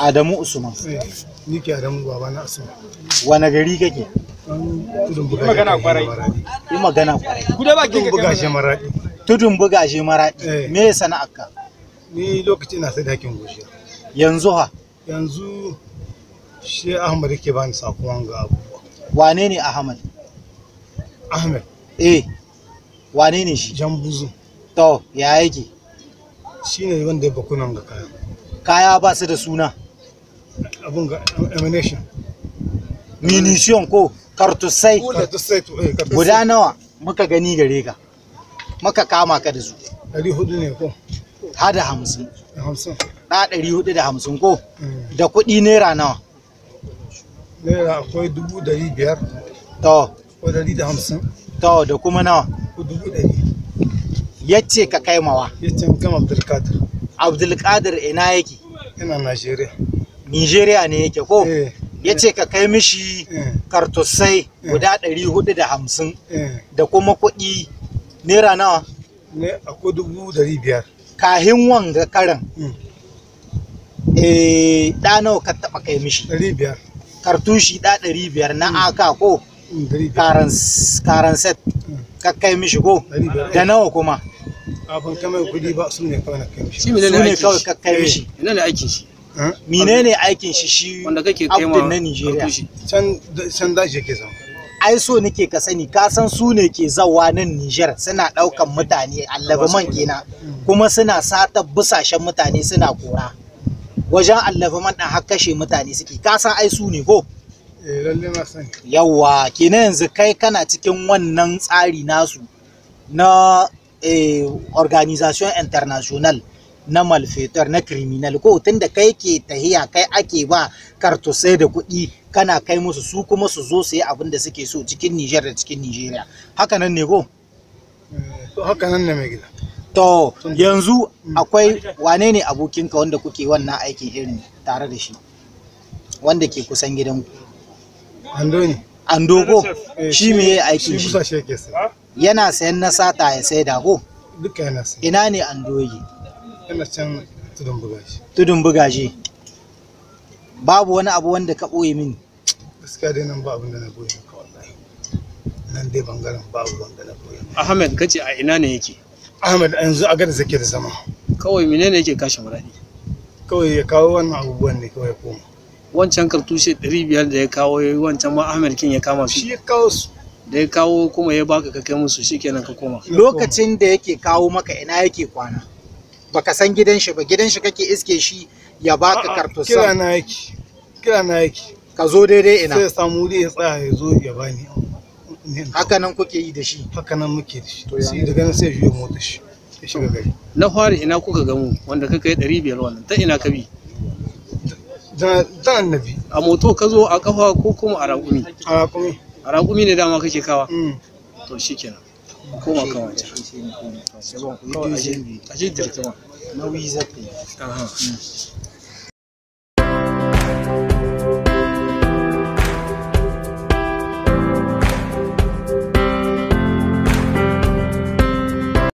Adamu Usman. Eh, ni ke Adamu baba na Usman. Wane gari kake? Tudun magana kwarai. Yi magana kwarai. ba kin buga shi maradi. Tudun buga shi maradi. Eh. Me ya akka? Ni lokaci ina sai dakin goshiya. Yanzu ha? Yanzu shi Ahmad yake bani sakon ga abu. Wane ne Ahmad? Ahmad. Eh. Wane ne shi? Jambuzu. To, ya yake? Shi ne wanda ya bakunan ga kaya. Kaya ba su da suna. abun ga emanation minisiyon ko eh, kartusai guda nawa muka gani gare ka muka kama ka da su ɗari hudu ne ko hada hamsin na ɗari hudu da hamsin ko mm. da kuɗi naira nawa naira akwai dubu biyar to ko ɗari da hamsin to da kuma nawa dubu ɗari yace ka kaimawa yace kama abdulkadir abdulkadir ina yake ina najeriya nigeria ne yake ko eh, eh. ya ce ka kai mishi eh. kartosai guda 450 da kuma kuɗi naira nawa ne a dubu dari biyar kahin wanga karan hmm. eh da nawa ka taba kai mishi dari biyar kartushi da dari biyar na hmm. aka ko hmm, karan set ka kai mishi ko da nawa kuma abin kamar kudi ba su ne kawai na kai mishi su ne kawai ka kai mishi ina ne aikin shi menene aikin shi shi wanda kake kai ma na Nigeria can can da shi ke zama ai so nake ka sani ka san su ne ke zawa nan Niger suna daukan mutane man kenan kuma suna sata busashen mutane suna kora wajen man dan har kashe mutane suke ka san ai su ne ko eh, yawwa kenan yanzu kai kana cikin wannan tsari nasu na eh, organisation international na malfetar na criminal ko tunda kai ke tahiya kai ake ba kartusai da kuɗi kana kai musu su kuma su zo su yi abin da suke so cikin Niger da cikin Nigeria haka nan ne ko haka nan ne mai gida to yanzu mm. akwai wane ne abokinka wanda kuke wannan aikin irin tare da shi wanda ke kusan gidanku ando ne ando ko eh, shi me yayi aikin shi yana sayan na sata ya saida ko duka yana ina ne ando yake Ina can tudun bugashi. Tudun bugashi. Babu wani abu wanda ka ɓoye mini. Gaskiya dai nan ba abin da na ɓoye maka wallahi. Nan dai bangaren babu wanda na ɓoye maka. Ahmed kace a ina ne yake? Ahmed yanzu a gada zake da zama. Kawai menene yake kashe muradi? Kawai ya kawo wannan abubuwan ne kawai ya koma. Wancan kartushe ɗari biyar da ya kawo ya yi wancan ma Ahmed kin ya kama su. Shi ya kawo su. Da ya kawo kuma ya baka ka kai musu shikenan ka koma. Lokacin da yake kawo maka ina yake kwana? baka san gidan shi ba gidan shi kake iske shi ya baka kartusan kira na yake kira na yake ka zo daidai ina sai samu wuri ya tsaya ya zo ya bani haka nan kuke yi da shi haka nan muke da shi sai daga nan sai biyo mota shi ya shiga gari na fari ina kuka gamu wanda kaka yi ɗari biyar wannan ta ina ka bi da annabi a moto ka zo a kafa ko kuma a raƙumi a raƙumi a raƙumi ne dama kake kawa mm. to shikenan مفهومة كمان شباب والله اجيب اجيب تليفون ناوي يزكي